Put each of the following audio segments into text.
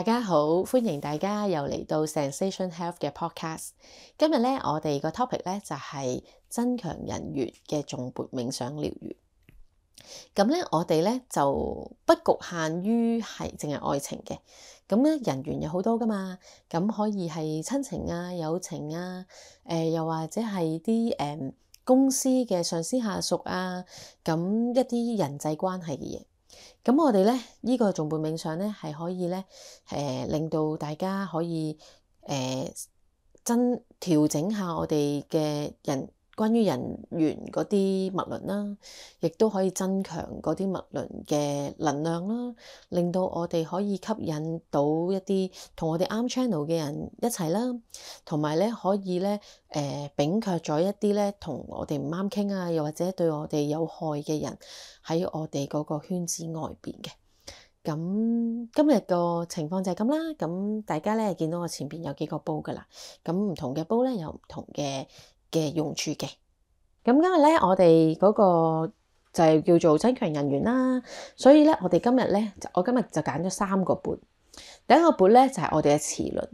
大家好，歡迎大家又嚟到 Sensation Health 嘅 Podcast。今日咧，我哋個 topic 咧就係增強人緣嘅頌缽冥想療癒。咁咧，我哋咧就不局限於係淨係愛情嘅。咁咧，人緣有好多噶嘛，咁可以係親情啊、友情啊，誒、呃，又或者係啲誒公司嘅上司下屬啊，咁一啲人際關係嘅嘢。咁我哋咧，呢、這個頌缽冥想咧，係可以咧，誒、呃，令到大家可以誒、呃，真調整下我哋嘅人。關於人緣嗰啲脈輪啦，亦都可以增強嗰啲脈輪嘅能量啦，令到我哋可以吸引到一啲同我哋啱 channel 嘅人一齊啦，同埋咧可以咧誒摒卻咗一啲咧同我哋唔啱傾啊，又或者對我哋有害嘅人喺我哋嗰個圈子外邊嘅。咁今日個情況就係咁啦。咁大家咧見到我前邊有幾個煲噶啦，咁唔同嘅煲咧有唔同嘅嘅用處嘅，咁今日咧我哋嗰個就係叫做增強人緣啦，所以咧我哋今日咧，我今日就揀咗三個缽。第一個缽咧就係、是、我哋嘅臍輪，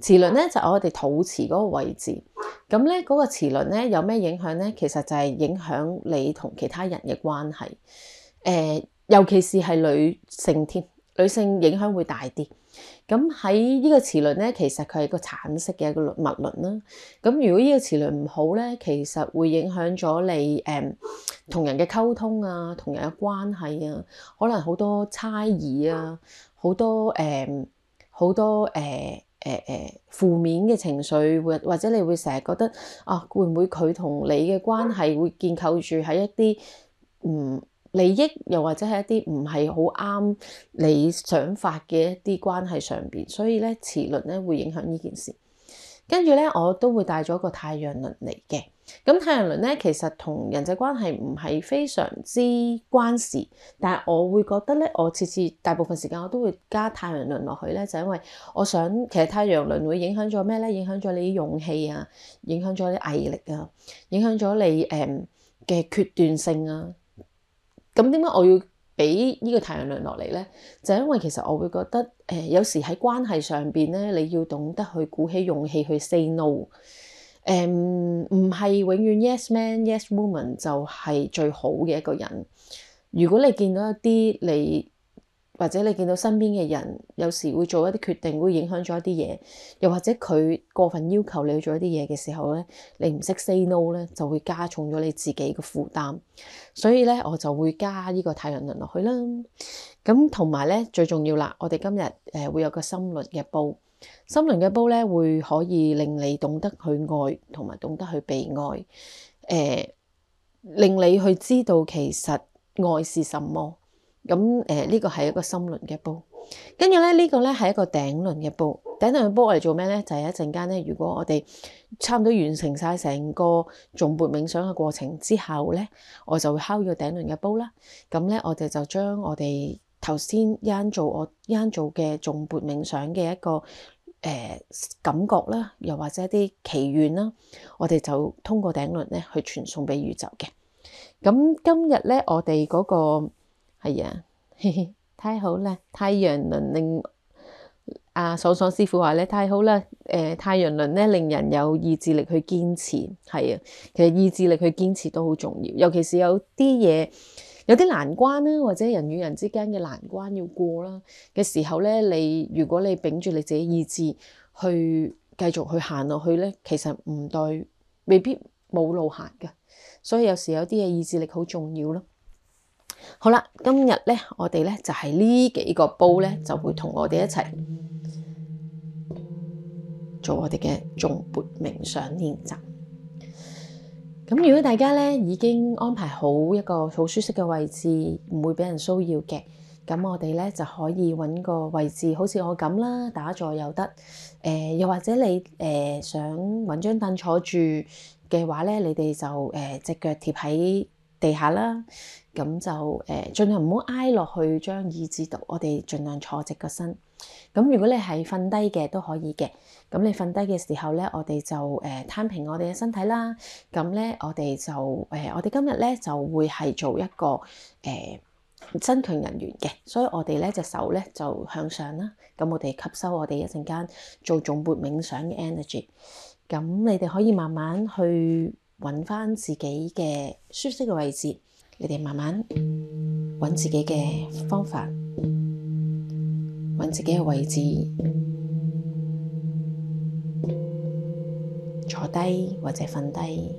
臍輪咧就係、是、我哋肚臍嗰個位置。咁咧嗰個臍輪咧有咩影響咧？其實就係影響你同其他人嘅關係，誒、呃，尤其是係女性添，女性影響會大啲。咁喺呢個臍輪咧，其實佢係一個橙色嘅一個輪物輪啦。咁如果呢個臍輪唔好咧，其實會影響咗你誒、嗯、同人嘅溝通啊，同人嘅關係啊，可能好多猜疑啊，好多誒好、嗯、多誒誒誒負面嘅情緒，或或者你會成日覺得啊，會唔會佢同你嘅關係會建構住喺一啲嗯。利益又或者係一啲唔係好啱你想法嘅一啲關係上面，所以咧臍輪咧會影響呢件事。跟住咧，我都會帶咗個太陽輪嚟嘅。咁太陽輪咧其實同人際關係唔係非常之關事，但係我會覺得咧，我次次大部分時間我都會加太陽輪落去咧，就因為我想其實太陽輪會影響咗咩咧？影響咗你啲勇氣啊，影響咗你啲毅力啊，影響咗你誒嘅決斷性啊。咁點解我要畀呢個太陽亮落嚟咧？就係因為其實我會覺得，誒、呃、有時喺關係上邊咧，你要懂得去鼓起勇氣去 say no，誒唔係永遠 yes man yes woman 就係最好嘅一個人。如果你見到一啲你，或者你見到身邊嘅人，有時會做一啲決定，會影響咗一啲嘢；又或者佢過分要求你去做一啲嘢嘅時候咧，你唔識 say no 咧，就會加重咗你自己嘅負擔。所以咧，我就會加呢個太陽輪落去啦。咁同埋咧，最重要啦，我哋今日誒、呃、會有個心輪嘅煲，心輪嘅煲咧會可以令你懂得去愛，同埋懂得去被愛。誒、呃，令你去知道其實愛是什麼。咁誒呢個係一個心輪嘅煲，跟住咧呢、這個咧係一個頂輪嘅煲。頂輪嘅煲我哋做咩咧？就係、是、一陣間咧，如果我哋差唔多完成晒成個頌缽冥想嘅過程之後咧，我就會敲個頂輪嘅煲啦。咁咧我哋就將我哋頭先一做我一做嘅頌缽冥想嘅一個誒、呃、感覺啦，又或者一啲祈願啦，我哋就通過頂輪咧去傳送俾宇宙嘅。咁今日咧，我哋嗰、那個。係啊，太好啦！太陽輪令阿、啊、爽爽師傅話咧，太好啦！誒、呃，太陽輪咧，令人有意志力去堅持。係啊，其實意志力去堅持都好重要，尤其是有啲嘢有啲難關啦，或者人與人之間嘅難關要過啦嘅時候咧，你如果你秉住你自己意志去繼續去行落去咧，其實唔對未必冇路行嘅。所以有時有啲嘢意志力好重要咯。好啦，今日咧，我哋咧就係、是、呢幾個缽咧，就會同我哋一齊做我哋嘅頌缽冥想練習。咁如果大家咧已經安排好一個好舒適嘅位置，唔會俾人騷擾嘅，咁我哋咧就可以揾個位置，好似我咁啦，打坐又得。誒、呃，又或者你誒、呃、想揾張凳坐住嘅話咧，你哋就誒隻、呃、腳貼喺地下啦，咁就誒，儘、呃、量唔好挨落去，將椅子度，我哋儘量坐直個身。咁如果你係瞓低嘅都可以嘅。咁你瞓低嘅時候咧，我哋就誒攤、呃、平我哋嘅身體啦。咁咧，我哋就誒、呃，我哋今日咧就會係做一個誒增強人緣嘅，所以我哋咧隻手咧就向上啦。咁我哋吸收我哋一陣間做頌缽冥想嘅 energy。咁你哋可以慢慢去。揾返自己嘅舒適嘅位置，你哋慢慢揾自己嘅方法，揾自己嘅位置，坐低或者瞓低。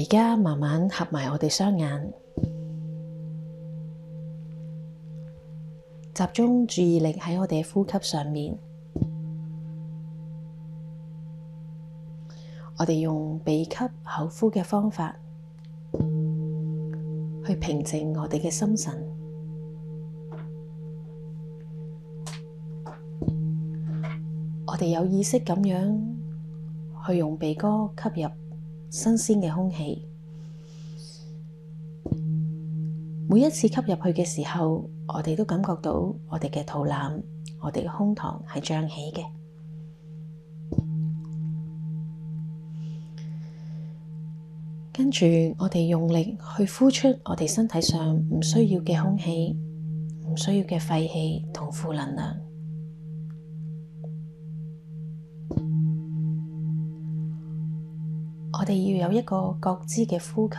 而家慢慢合埋我哋雙眼，集中注意力喺我哋嘅呼吸上面。我哋用鼻吸口呼嘅方法去平靜我哋嘅心神。我哋有意識咁樣去用鼻哥吸入。新鮮嘅空氣，每一次吸入去嘅時候，我哋都感覺到我哋嘅肚腩，我哋嘅胸膛係脹起嘅。跟住我哋用力去呼出我哋身體上唔需要嘅空氣，唔需要嘅廢氣同負能量。我哋要有一個覺知嘅呼吸。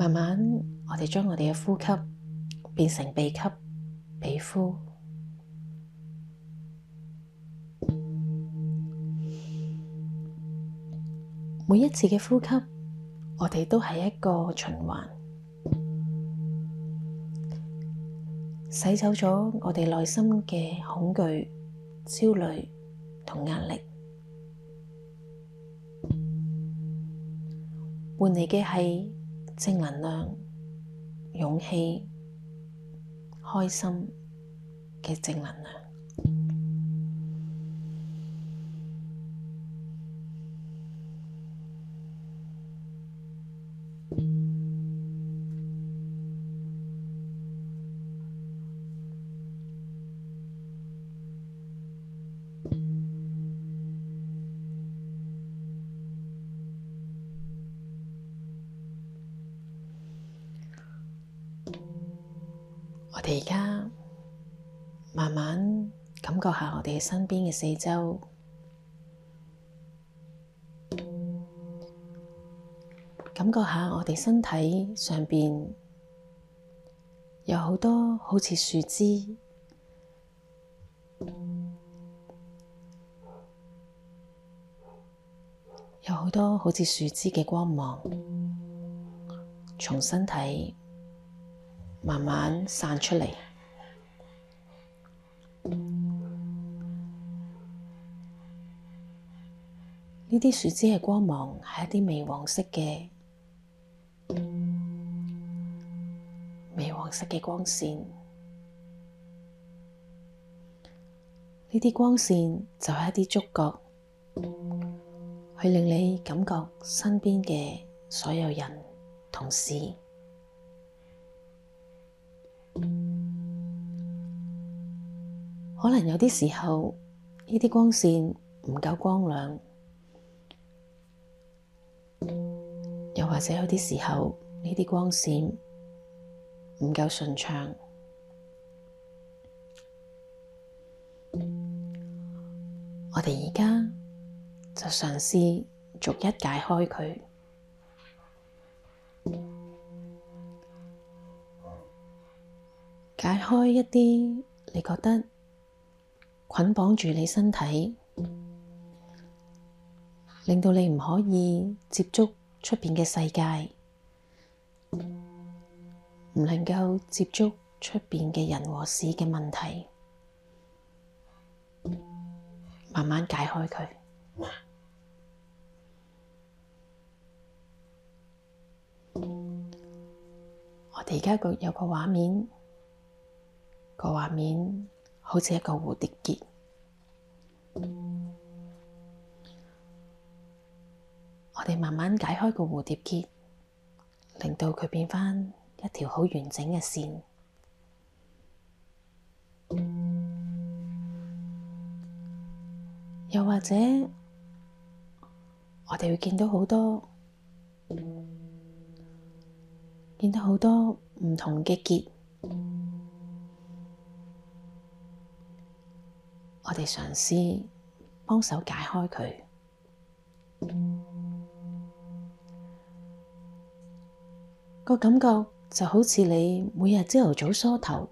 慢慢，我哋將我哋嘅呼吸變成鼻吸、鼻呼，每一次嘅呼吸，我哋都係一個循環，洗走咗我哋內心嘅恐懼、焦慮同壓力，換嚟嘅係。正能量、勇氣、開心嘅正能量。我身邊嘅四周，感覺下我哋身體上邊有好多好似樹枝，有好多好似樹枝嘅光芒，從身體慢慢散出嚟。呢啲樹枝嘅光芒，係一啲微黃色嘅微黃色嘅光線。呢啲光線就係一啲觸覺，去令你感覺身邊嘅所有人同事。可能有啲時候，呢啲光線唔夠光亮。又或者有啲時候，呢啲光線唔夠順暢，我哋而家就嘗試逐一解開佢，解開一啲你覺得捆綁住你身體。令到你唔可以接觸出邊嘅世界，唔能夠接觸出邊嘅人和事嘅問題，慢慢解開佢。 我哋而家個有個畫面，個畫面好似一個蝴蝶結。我哋慢慢解開個蝴蝶結，令到佢變返一條好完整嘅線。又或者，我哋會見到好多見到好多唔同嘅結，我哋嘗試幫手解開佢。個感覺就好似你每日朝頭早梳頭，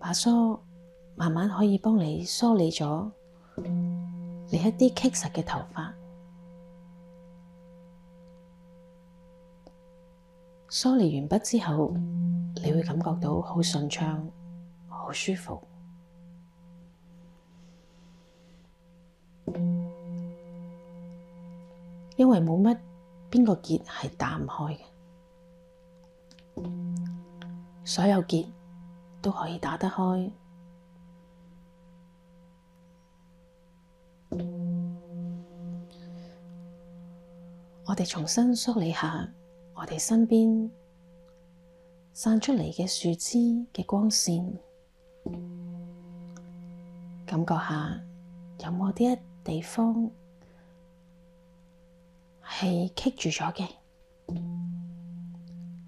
把梳慢慢可以幫你梳理咗你一啲棘實嘅頭髮，梳理完畢之後，你會感覺到好順暢，好舒服。因為冇乜邊個結係打唔開嘅，所有結都可以打得開。我哋重新梳理下我哋身邊散出嚟嘅樹枝嘅光線，感覺下有冇啲一地方，係棘住咗嘅，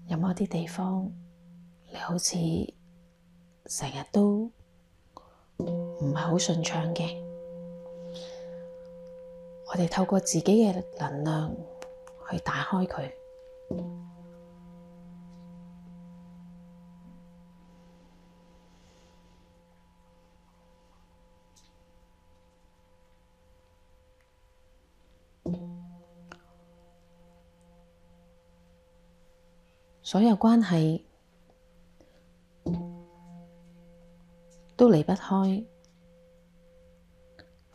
有冇啲地方你好似成日都唔係好順暢嘅？我哋透過自己嘅能量去打開佢。所有關係都離不開，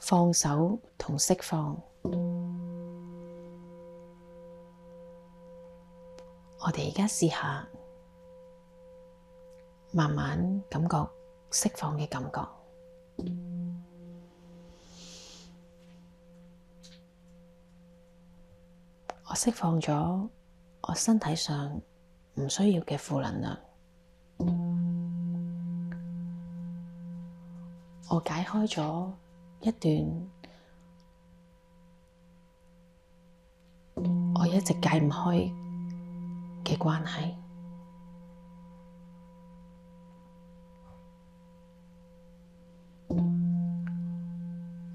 放手同釋放。我哋而家試下，慢慢感覺釋放嘅感覺。我釋放咗我身體上。唔需要嘅負能量，我解開咗一段我一直解唔開嘅關係。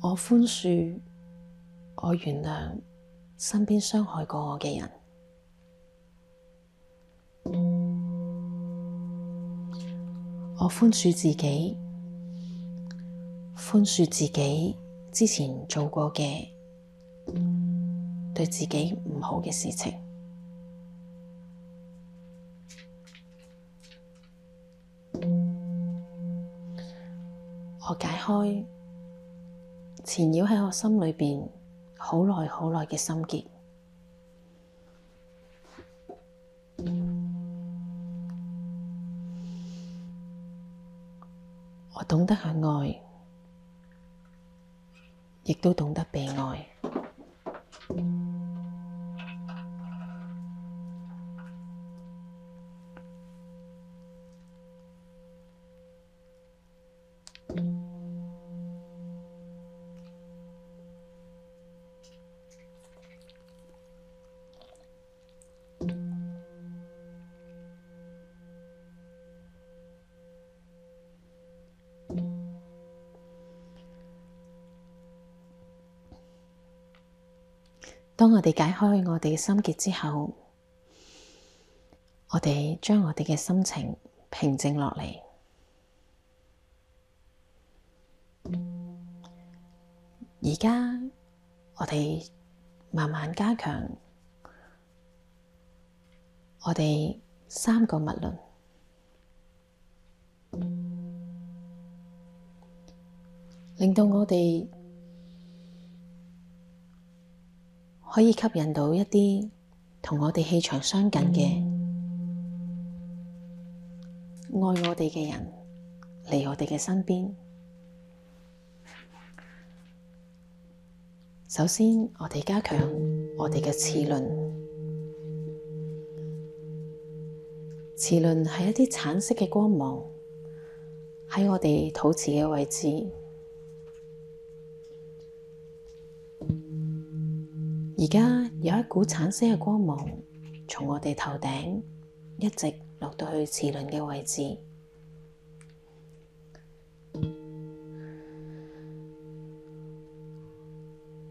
我寬恕，我原諒身邊傷害過我嘅人。我寬恕自己，寬恕自己之前做過嘅對自己唔好嘅事情。我解開纏繞喺我心裏邊好耐好耐嘅心結。我懂得去愛，亦都懂得被愛。當我哋解開我哋嘅心結之後，我哋將我哋嘅心情平靜落嚟。而家我哋慢慢加強我哋三個脈輪，令到我哋。可以吸引到一啲同我哋氣場相近嘅愛我哋嘅人嚟我哋嘅身邊。首先，我哋加強我哋嘅臍輪，臍輪係一啲橙色嘅光芒喺我哋肚臍嘅位置。而家有一股橙色嘅光芒，從我哋頭頂一直落到去臍輪嘅位置，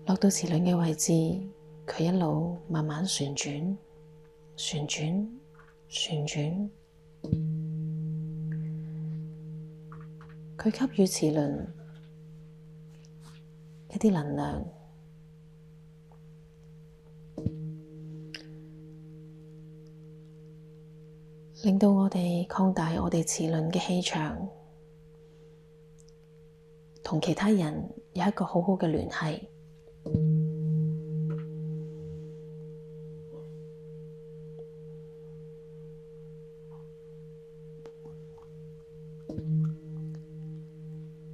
落到臍輪嘅位置，佢一路慢慢旋轉、旋轉、旋轉，佢給予臍輪一啲能量。令到我哋擴大我哋臍輪嘅氣場，同其他人有一個好好嘅聯繫。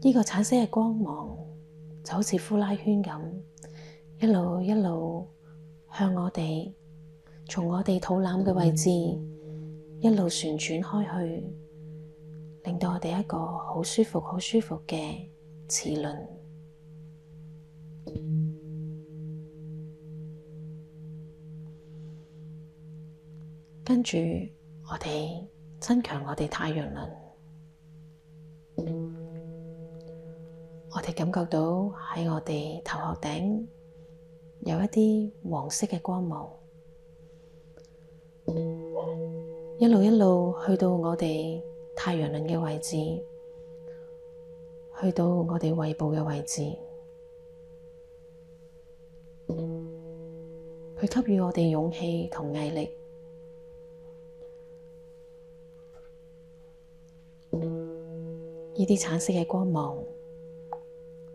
呢 個橙色嘅光芒就好似呼拉圈咁，一路一路向我哋，從我哋肚腩嘅位置。一路旋轉開去，令到我哋一個好舒服、好舒服嘅齒輪。跟住我哋增強我哋太陽輪，我哋感覺到喺我哋頭殼頂有一啲黃色嘅光芒。一路一路去到我哋太陽輪嘅位置，去到我哋胃部嘅位置，佢給予我哋勇氣同毅力。呢啲橙色嘅光芒，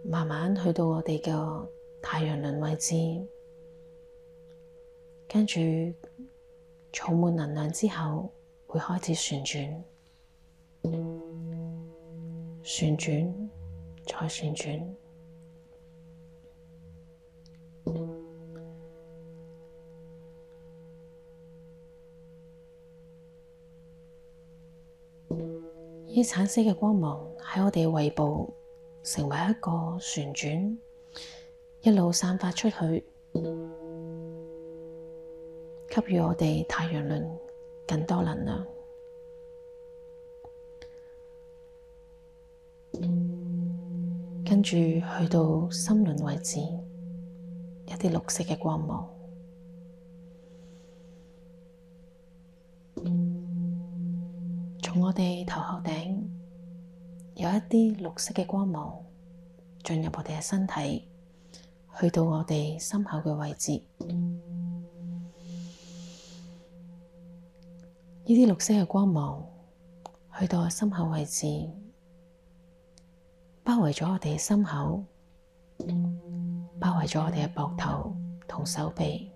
慢慢去到我哋嘅太陽輪位置，跟住。儲滿能量之後，會開始旋轉，旋轉再旋轉。呢啲橙 色嘅光芒喺我哋嘅胃部成為一個旋轉，一路散發出去。給予我哋太陽輪更多能量，跟住去到心輪位置，一啲綠色嘅光芒，從我哋頭殼頂有一啲綠色嘅光芒進入我哋嘅身體，去到我哋心口嘅位置。呢啲綠色嘅光芒去到我心口位置，包圍咗我哋嘅心口，包圍咗我哋嘅膊頭同手臂。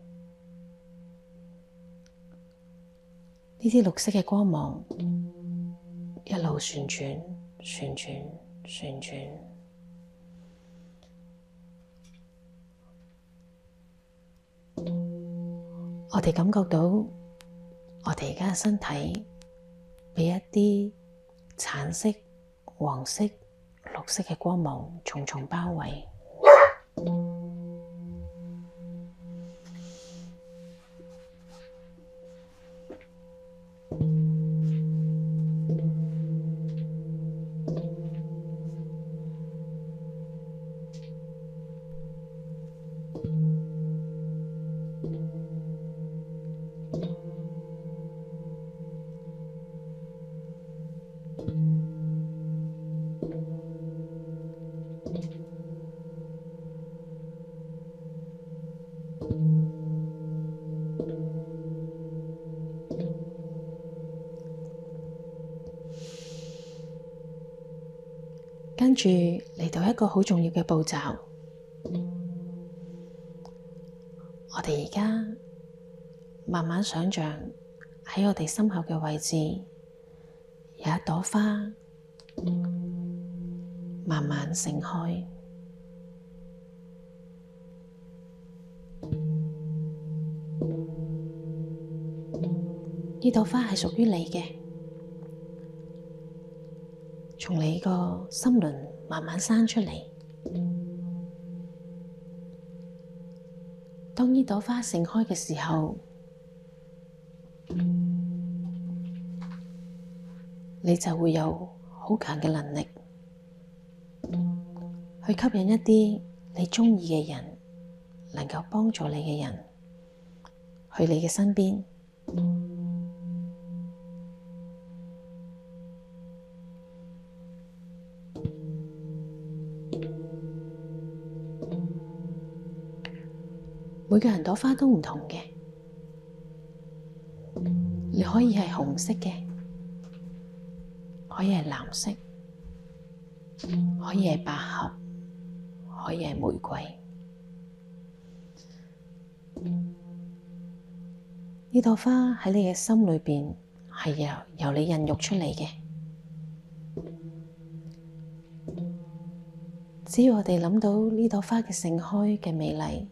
呢啲綠色嘅光芒一路旋轉、旋轉、旋轉，我哋感覺到。我哋而家嘅身體被一啲橙色、黃色、綠色嘅光芒重重包圍。嗯跟住嚟到一個好重要嘅步驟，我哋而家慢慢想象喺我哋心口嘅位置有一朵花，慢慢盛開。呢朵花係屬於你嘅。從你個心輪慢慢生出嚟，當呢朵花盛開嘅時候，你就會有好強嘅能力去吸引一啲你鍾意嘅人，能夠幫助你嘅人去你嘅身邊。每個人朵花都唔同嘅，你可以係紅色嘅，可以係藍色，可以係百合，可以係玫瑰。呢朵花喺你嘅心裏邊係由由你孕育出嚟嘅，只要我哋諗到呢朵花嘅盛開嘅美麗。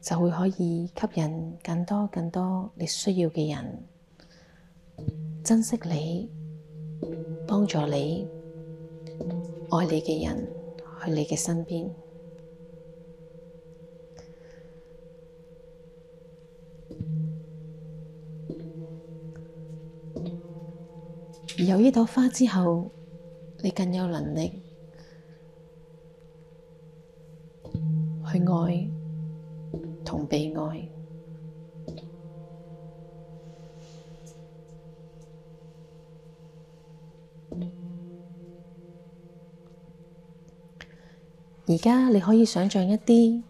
就會可以吸引更多更多你需要嘅人，珍惜你、幫助你、愛你嘅人去你嘅身邊。而有呢朵花之後，你更有能力。去愛同被愛。而家你可以想象一啲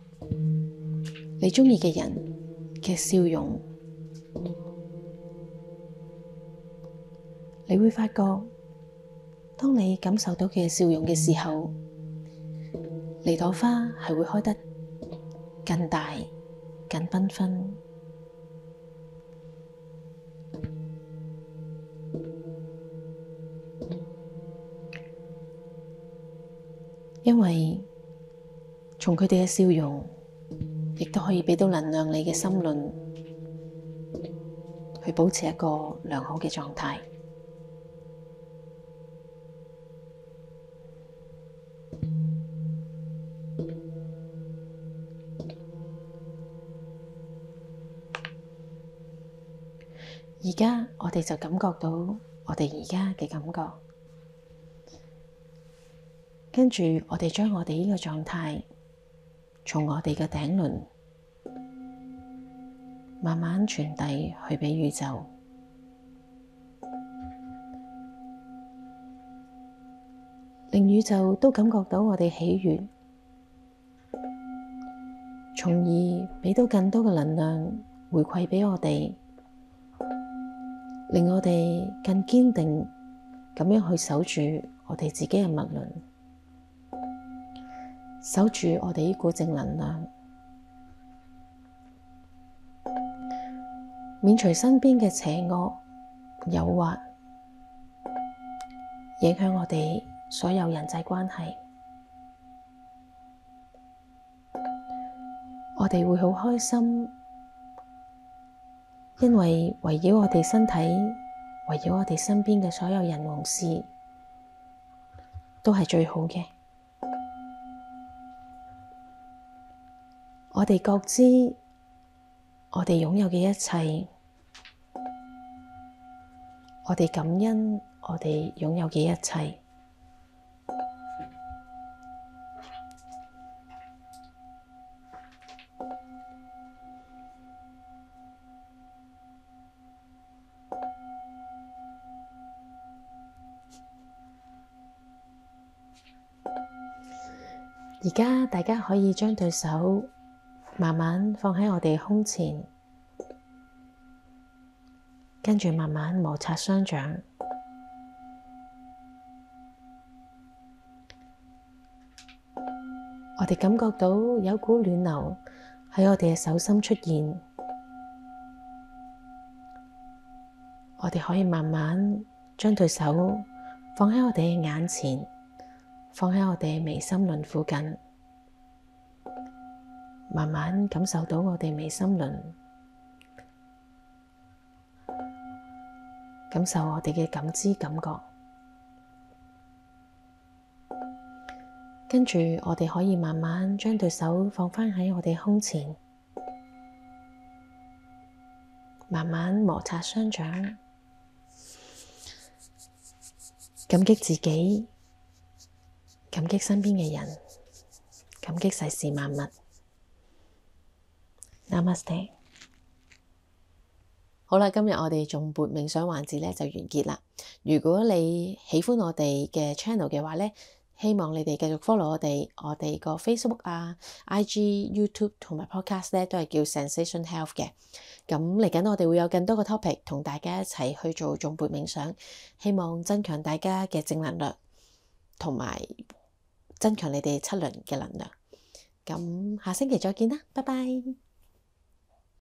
你鍾意嘅人嘅笑容，你會發覺，當你感受到佢嘅笑容嘅時候。呢朵花係會開得更大、更繽紛，因為從佢哋嘅笑容，亦都可以畀到能量你嘅心輪，去保持一個良好嘅狀態。而家我哋就感覺到我哋而家嘅感覺，跟住我哋將我哋呢個狀態，從我哋嘅頂輪慢慢傳遞去畀宇宙，令宇宙都感覺到我哋喜悅，從而畀到更多嘅能量回饋畀我哋。令我哋更堅定咁樣去守住我哋自己嘅脈輪，守住我哋呢股正能量，免除身邊嘅邪惡、誘惑，影響我哋所有人際關係，我哋會好開心。因為圍繞我哋身體、圍繞我哋身邊嘅所有人和事，都係最好嘅。我哋覺知我哋擁有嘅一切，我哋感恩我哋擁有嘅一切。而家大家可以將對手慢慢放喺我哋胸前，跟住慢慢摩擦雙掌。我哋感覺到有股暖流喺我哋嘅手心出現。我哋可以慢慢將對手放喺我哋嘅眼前。放喺我哋眉心輪附近，慢慢感受到我哋眉心輪，感受我哋嘅感知感覺。跟住，我哋可以慢慢將對手放翻喺我哋胸前，慢慢摩擦雙掌，感激自己。感激身邊嘅人，感激世事萬物。Namaste。好啦，今日我哋頌缽冥想環節咧就完結啦。如果你喜歡我哋嘅 channel 嘅話咧，希望你哋繼續 follow 我哋，我哋個 Facebook 啊、IG、YouTube 同埋 Podcast 咧都係叫 Zensation Health 嘅。咁嚟緊我哋會有更多嘅 topic 同大家一齊去做頌缽冥想，希望增強大家嘅正能量同埋。增強你哋七輪嘅能量，咁下星期再見啦，拜拜。